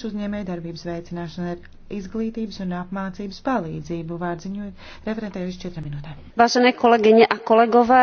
Tieši uzņēmēja darbības veicināšana ar izglītības un apmācības palīdzību vārdziņot referentēju uz četrām minūtēm. Važanie kolēģiņi a kolegovē,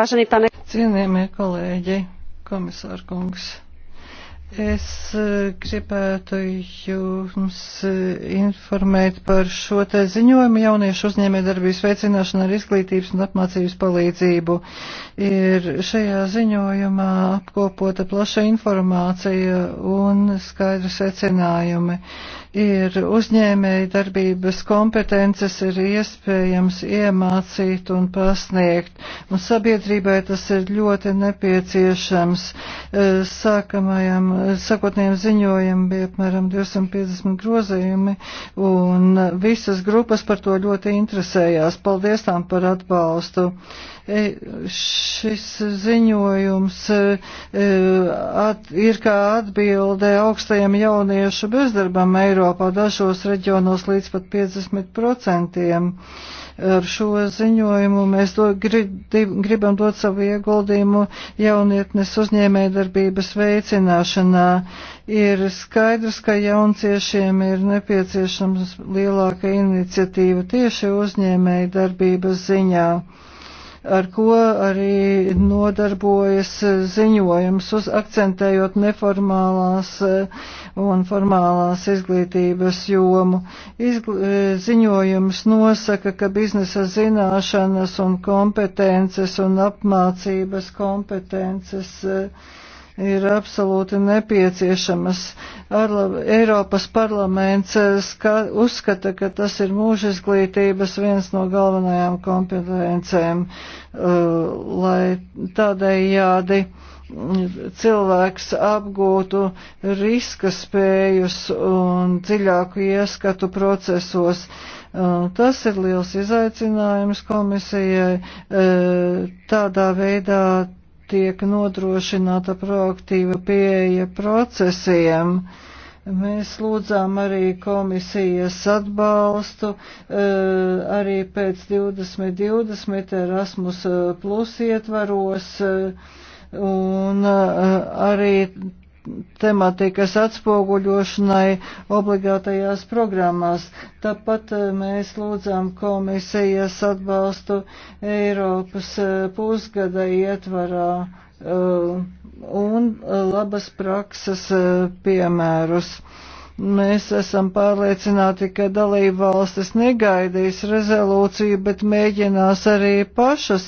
važanie pane. Cienījamie kolēģi, komisārkungs. Es eh, gribētu jums eh, informēt par šo te ziņojumu jauniešu uzņēmējdarbības veicināšanu ar izglītības un apmācības palīdzību. Ir šajā ziņojumā apkopota plaša informācija un skaidri secinājumi. Ir uzņēmējdarbības kompetences ir iespējams iemācīt un pasniegt, un sabiedrībai tas ir ļoti nepieciešams eh, sākamajam sakotniem ziņojumiem bija apmēram 250 grozījumi, un visas grupas par to ļoti interesējās. Paldies tām par atbalstu. E, šis ziņojums e, e, at, ir kā atbilde augstajam jauniešu bezdarbam Eiropā, dažos reģionos līdz pat 50% ar šo ziņojumu mēs do, grib, gribam dot savu ieguldījumu jaunietnes uzņēmējdarbības veicināšanā veikšanā. Ir skaidrs, ka jaunciešiem ir nepieciešams lielāka iniciatīva tieši uzņēmēja darbības ziņā ar ko arī nodarbojas ziņojums, uz akcentējot neformālās eh, un formālās izglītības jomu. Izgl eh, ziņojums nosaka, ka biznesa zināšanas un kompetences un apmācības kompetences uh, ir absolūti nepieciešamas. Eiropas parlaments eh, uzskata, ka tas ir mūža izglītības viens no galvenajām kompetencēm, eh, lai tādējādi cilvēks apgūtu riska spējus un dziļāku ieskatu procesos. Eh, tas ir liels izaicinājums komisijai tādā veidā tiek nodrošināta proaktīva pieeja procesiem. Mēs lūdzām arī komisijas atbalstu, eh, arī pēc 2020 Erasmus eh, plus ietvaros, eh, un arī tematikas atspoguļošanai obligātajās programmās. Tāpat eh, mēs lūdzām komisijas atbalstu Eiropas eh, pusgada ietvarā eh, un labas prakses piemērus. Mēs esam pārliecināti, ka dalība valstis negaidīs rezolūciju, bet mēģinās arī pašas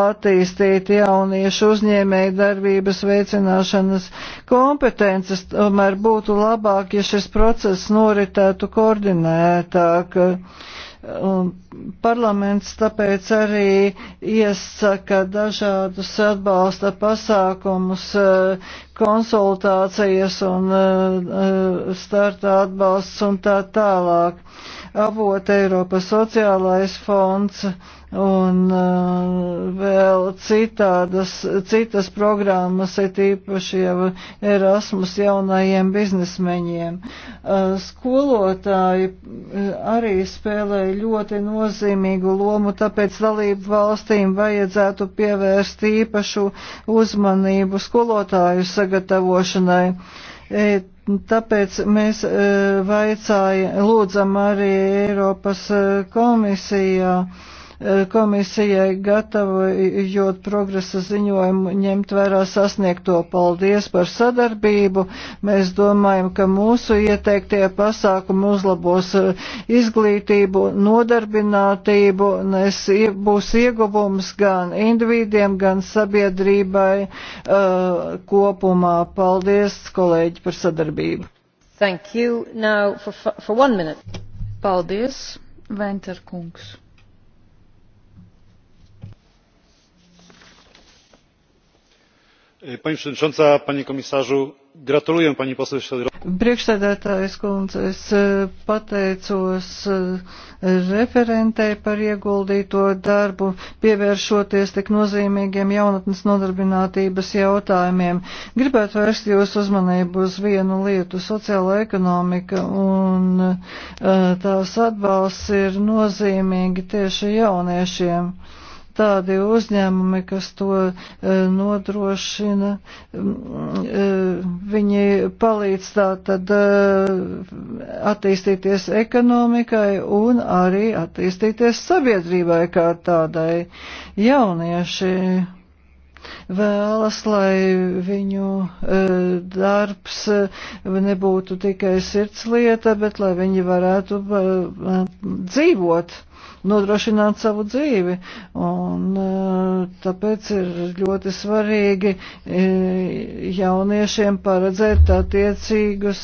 attīstīt jauniešu uzņēmēju darbības veicināšanas kompetences. Tomēr būtu labāk, ja šis process noritētu koordinētāk. Parlaments tāpēc arī iesaka dažādus atbalsta pasākumus, eh, konsultācijas un eh, eh, starta atbalsts un tā tālāk avota Eiropas sociālais fonds un uh, vēl citādas, citas programmas, ir īpaši jau Erasmus jaunajiem biznesmeņiem. Uh, skolotāji uh, arī spēlē ļoti nozīmīgu lomu, tāpēc dalību valstīm vajadzētu pievērst īpašu uzmanību skolotāju sagatavošanai e, Tāpēc mēs e, vaicāja, lūdzam arī Eiropas e, komisijā komisijai gatavojot progresa ziņojumu ņemt vērā sasniegto. Paldies par sadarbību. Mēs domājam, ka mūsu ieteiktie pasākumi uzlabos eh, izglītību, nodarbinātību, nes būs ieguvums gan individiem, gan sabiedrībai uh, kopumā. Paldies, kolēģi, par sadarbību. Thank you. Now for, for one minute. Paldies, Venter kungs. E, pani przewodnicząca! panie komisarzu! gratuluję pani poseł ojdrovai. priekšsēdētājas kundze es e, pateicos e, referentei par ieguldīto darbu pievēršoties tik nozīmīgiem jaunatnes nodarbinātības jautājumiem. gribētu vērst jūsu uzmanību uz vienu lietu - sociāla ekonomika un tās atbalsts ir nozīmīgi tieši jauniešiem tādi uzņēmumi, kas to e, nodrošina, e, viņi palīdz tā tad e, attīstīties ekonomikai un arī attīstīties sabiedrībai kā tādai. Jaunieši vēlas, lai viņu Eh, darbs eh, nebūtu tikai sirds lieta, bet lai viņi varētu eh, dzīvot nodrošināt savu dzīvi. Un tāpēc ir ļoti svarīgi jauniešiem paredzēt attiecīgus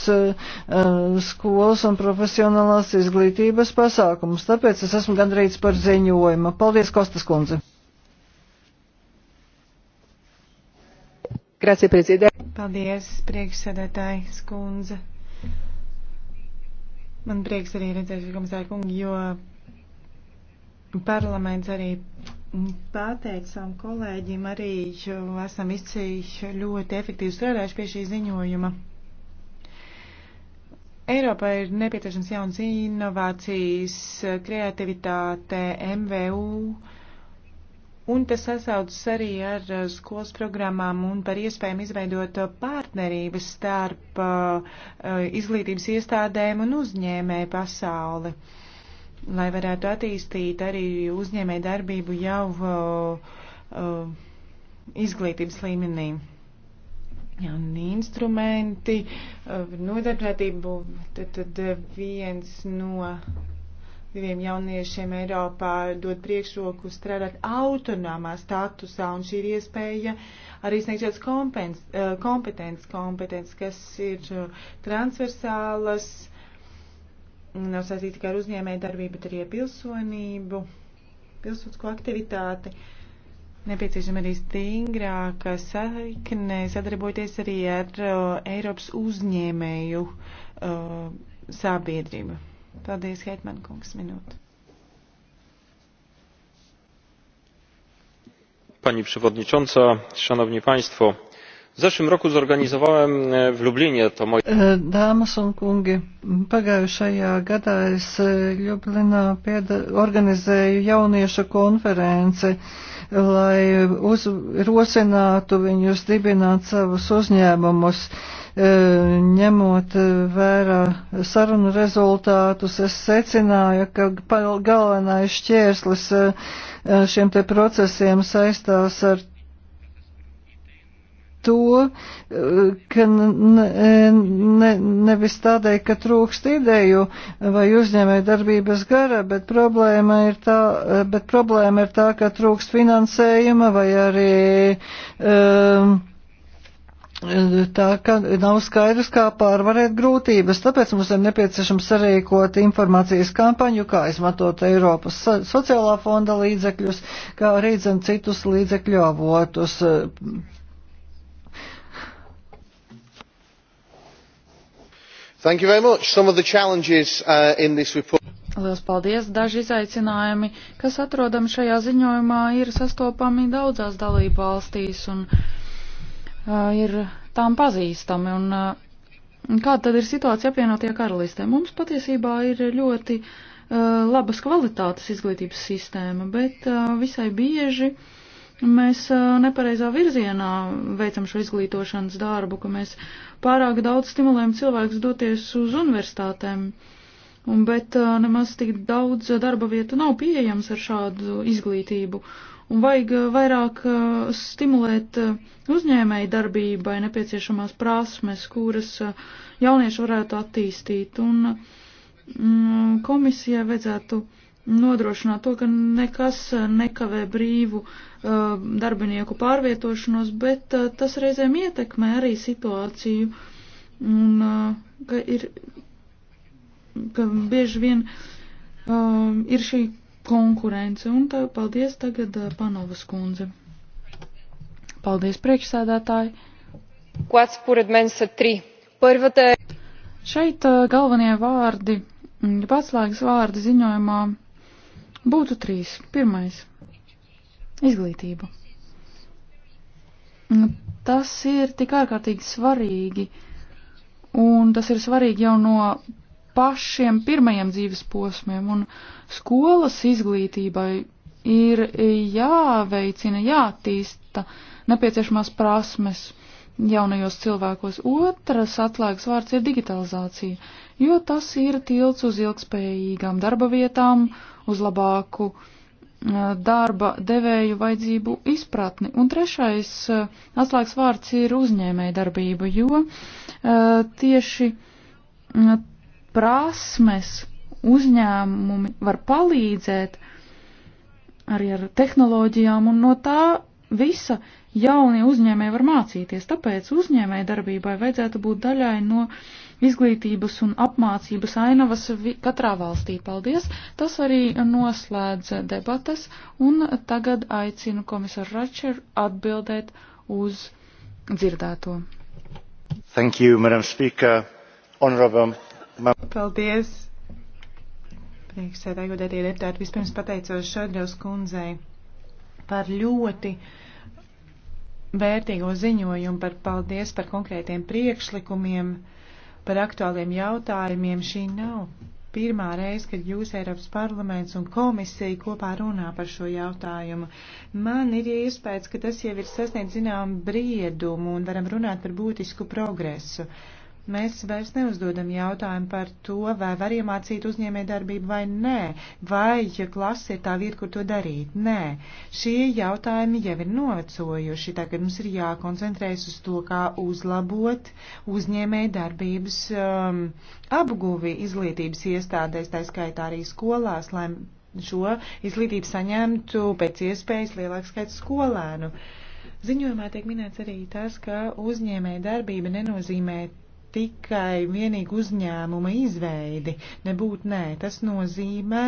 skolas un profesionālās izglītības pasākumus. Tāpēc es esmu gandrīz par ziņojumu. Paldies, Kostas kundze! Grazie, prezident. Paldies, priekšsēdētāji skundze. Man prieks arī redzēt, komisāri kungi, jo parlaments arī pateica savam kolēģim arī, jo esam izcīši ļoti efektīvi strādājuši pie šī ziņojuma. Eiropā ir nepieciešams jauns inovācijas, kreativitāte, MVU Un tas sasaucas arī ar uh, skolas programmām un par iespējām izveidot uh, partnerības starp uh, izglītības iestādēm un uzņēmē pasauli, lai varētu attīstīt arī uzņēmē darbību jau izglītības līmenī. Jauni instrumenti, nodarbinātību, tad, tad viens no Diviem jauniešiem Eiropā dod priekšroku strādāt autonomā statusā, un šī ir iespēja arī sniegt šāds eh, kompetences, kompetences, kas ir eh, transversālas, nav saistīta tikai ar uzņēmēju darbību, bet arī ar pilsonību, pilsonisko aktivitāti. Uh, nepieciešama arī stingrāka saikne, sadarbojoties arī ar uh, Eiropas uzņēmēju uh, sabiedrību. Paldies, Heitman kungs, minūte. Pani przewodnicząca, szanowni państwo w zeszłym roku zorganizowałem e, w Lublinie to moje. E, dāmas un kungi, pagājušajā gadā es e, Ljublinā pieda, organizēju jauniešu konferenci, lai uz, rosinātu viņus dibināt savus uzņēmumus ņemot vērā sarunu rezultātus, es secināju, ka galvenais šķērslis šiem te procesiem saistās ar to, ka ne, ne, nevis tādēļ, ka trūkst ideju vai uzņēmē darbības gara, bet problēma ir tā, bet problēma ir tā ka trūkst finansējuma vai arī um, tā, ka nav skaidrs, kā pārvarēt grūtības. Tāpēc mums ir nepieciešams sarīkot informācijas kampaņu, kā izmantot Eiropas sociālā fonda līdzekļus, kā arī zem citus līdzekļu avotus. some of the challenges uh, in this report. Lielas paldies! Daži izaicinājumi, kas atrodami šajā ziņojumā, ir sastopami daudzās dalību valstīs un uh, ir tām pazīstami. Un, uh, kāda tad ir situācija apvienotie karalistē? Mums patiesībā ir ļoti uh, labas kvalitātes izglītības sistēma, bet uh, visai bieži uh, mēs nepareizā virzienā veicam šo izglītošanas darbu, ka mēs pārāk daudz stimulējam cilvēkus doties uz universitātēm, un, bet nemaz tik daudz darba vietu nav pieejams ar šādu izglītību. Un vajag vairāk stimulēt uzņēmēju darbībai nepieciešamās prasmes, kuras jaunieši varētu attīstīt. Un komisijai vajadzētu uh, nodrošināt to, ka nekas eh, nekavē brīvu uh, darbinieku pārvietošanos, bet uh, tas reizēm ietekmē arī situāciju, un uh, ka ir, ka bieži vien ir šī konkurence, un tā paldies tagad Panovas kundze. Paldies priekšsēdētāji. Kāds spurad mensa tri? Pirvatē. Šeit galvenie vārdi, mm, pats lēgas vārdi ziņojumā Būtu trīs. Pirmais - izglītība. Nu, tas ir tik ārkārtīgi svarīgi, un tas ir svarīgi jau no pašiem pirmajiem dzīves posmiem, un skolas izglītībai ir jāveicina, jātīsta nepieciešamās prasmes jaunajos cilvēkos. Otras atslēgas vārds ir digitalizācija jo tas ir tilts uz ilgspējīgām darba vietām, uz labāku darba devēju vajadzību izpratni. Un trešais atslēgas vārds ir uzņēmēja darbība, jo tieši prasmes uzņēmumi var palīdzēt arī ar tehnoloģijām, un no tā visa jaunie uzņēmēji var mācīties, tāpēc uzņēmēji darbībai vajadzētu būt daļai no izglītības un apmācības ainavas katrā valstī. Paldies! Tas arī noslēdz debatas, un tagad aicinu komisaru Račeru atbildēt uz dzirdēto. Thank you, Madam Speaker. Honorable. Paldies! Priekšsēdētāji, godētie deputāti, vispirms pateicos Šodļos kundzei par ļoti vērtīgo ziņojumu, par paldies par konkrētiem priekšlikumiem, par aktuāliem jautājumiem. Šī nav pirmā reize, kad jūs Eiropas parlaments un komisija kopā runā par šo jautājumu. Man ir iespējas, ka tas jau ir sasniedz zinām briedumu un varam runāt par būtisku progresu. Uh, Mēs vairs neuzdodam jautājumu par to, vai var iemācīt uzņēmējdarbību vai nē, vai ja klase ir tā vieta, kur to darīt. Nē, šie jautājumi jau ir novecojuši. Tagad mums ir jākoncentrējas uz to, kā uzlabot uzņēmējdarbības um, apguvi izglītības iestādēs, tā skaitā arī skolās, lai šo izglītību saņemtu pēc iespējas lielāks skaits skolēnu. Ziņojumā tiek minēts arī tas, ka uzņēmējdarbība nenozīmē tikai vienīgi uzņēmuma izveidi. Nebūt nē, tas nozīmē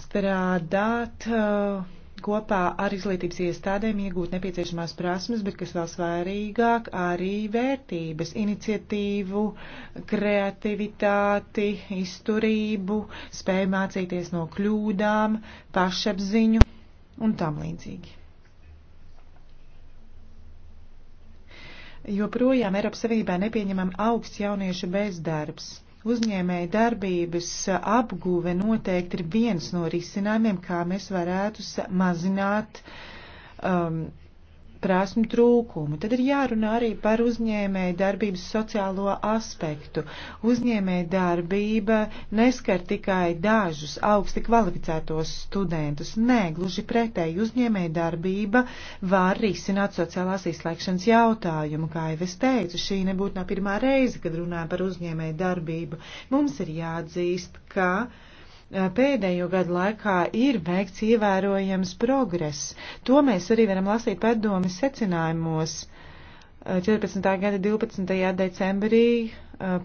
strādāt uh, kopā ar izglītības iestādēm, iegūt nepieciešamās prasmes, bet, kas vēl svarīgāk, arī vērtības, iniciatīvu, kreativitāti, izturību, spēju mācīties no kļūdām, pašapziņu un tam līdzīgi. Joprojām Eiropas Savienībā nepieņemam augsts jauniešu bezdarbs. Uzņēmēja darbības apguve noteikti ir viens no risinājumiem, kā mēs varētu mazināt um, prasmu trūkumu. Tad ir jārunā arī par uzņēmēju darbības sociālo aspektu. Uzņēmēju darbība neskar tikai dažus augsti kvalificētos studentus. Nē, gluži pretēji uzņēmēju darbība var risināt sociālās izslēgšanas jautājumu. Kā jau es teicu, šī nebūtu nav pirmā reize, kad runājam par uzņēmēju darbību. Mums ir jāatzīst, ka Eh, pēdējo gadu laikā ir veikts ievērojams progress. To mēs arī varam lasīt padomis secinājumos 14. Eh, gada 12. decembrī eh,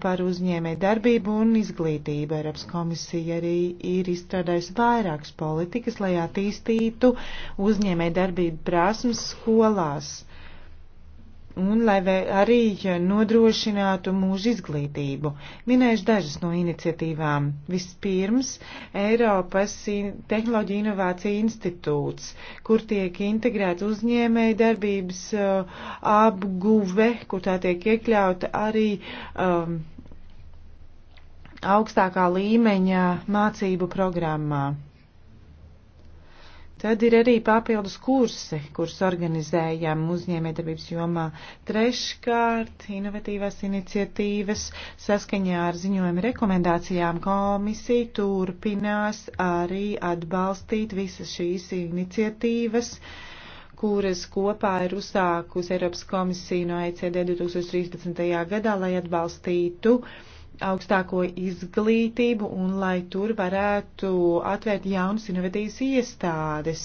par uzņēmē darbību un izglītību. Eiropas komisija arī ir izstrādājusi vairākas politikas, lai attīstītu uzņēmē darbību prasmes skolās un lai arī nodrošinātu mūža izglītību. Minēšu dažas no iniciatīvām. Vispirms Eiropas Tehnoloģija Inovācija institūts, kur tiek integrēts uzņēmēja darbības uh, apguve, kur tā tiek iekļauta arī um, augstākā līmeņa mācību programmā. Tad ir arī papildus kursi, kurus organizējam uzņēmējdarbības jomā. Treškārt, inovatīvās iniciatīvas saskaņā ar ziņojuma rekomendācijām komisija turpinās arī atbalstīt visas šīs iniciatīvas kuras kopā ir uzsākusi Eiropas komisija no ECD 2013. gadā, lai atbalstītu uh, augstāko izglītību un lai tur varētu atvērt jaunas inovatīvas iestādes.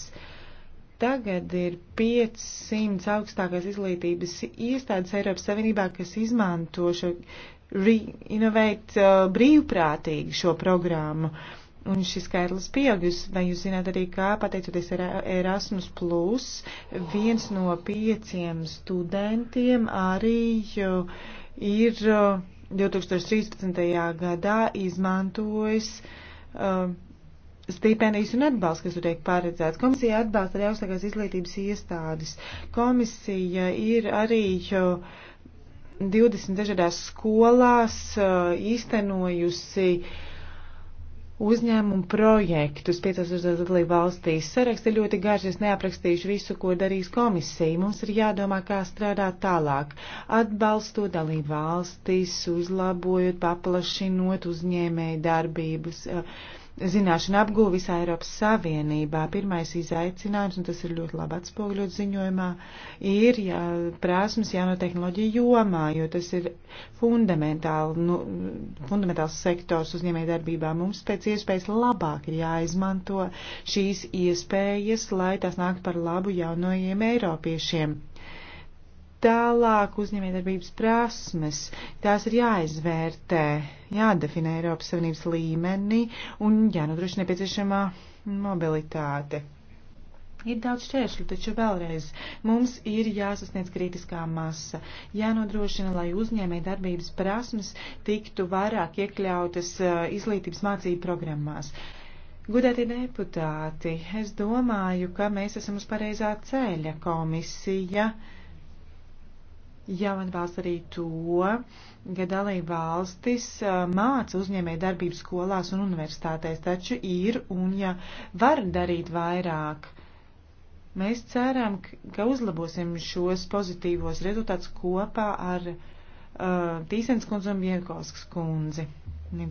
Tagad ir 500 augstākās izglītības iestādes Eiropas Savienībā, kas izmanto šo Reinnovate uh, brīvprātīgi šo programmu. Un šis skaitlis pieaugus, vai jūs zināt arī, kā pateicoties Erasmus, plus, viens no pieciem studentiem arī uh, ir. Uh, 2013. gadā izmantojis uh, um, stipendijas un atbalsts, kas tur tiek paredzēts. Komisija atbalsta arī augstākās izglītības iestādes. Komisija ir arī uh, 20 dažādās skolās uh, īstenojusi uh, uzņēmumu projektus piecās dalību valstīs. Saraksts ir ļoti garš, es neaprakstīšu visu, ko darīs komisija. Mums ir jādomā, kā strādāt tālāk, atbalstot dalību valstis, uzlabojot, paplašinot uzņēmēju darbības. Uh, zināšanu apguvu visā Eiropas Savienībā. Pirmais izaicinājums, un tas ir ļoti labi atspoguļot ziņojumā, ir jā, prasmes jauno tehnoloģiju jomā, jo tas ir fundamentāli, nu, fundamentāls sektors uzņēmē darbībā. Mums pēc iespējas labāk ir jāizmanto šīs iespējas, lai tās nāk par labu jaunojiem eiropiešiem. Tālāk uzņēmējdarbības prasmes, tās ir jāizvērtē, jādefinē Eiropas Savienības līmenī un jānodrošina nepieciešamā mobilitāte. Ir daudz šķēršļu, taču vēlreiz mums ir jāsasniedz kritiskā masa, jānodrošina, lai uzņēmē darbības prasmes tiktu vairāk iekļautas uh, izglītības mācību programmās. Gudēti deputāti, es domāju, ka mēs esam uz pareizā ceļa komisija. Uh, jāatbalsta arī to, ka dalība valstis māca uzņēmēju darbību skolās un universitātēs, taču ir un ja var darīt vairāk. Mēs ceram, ka uzlabosim šos pozitīvos rezultātus kopā ar uh, Tīsens kundzi un Vienkovskas kundzi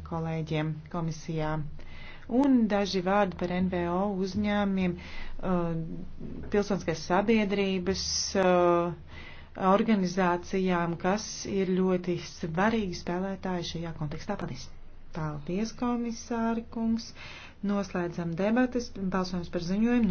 kolēģiem komisijā. Un daži vārdi par NVO uzņēmumiem, uh, pilsoniskās sabiedrības. Uh, organizācijām, kas ir ļoti svarīgi spēlētāji šajā kontekstā. Paldies! Paldies, komisāri kungs! Noslēdzam debatas, balsojums par ziņojumu.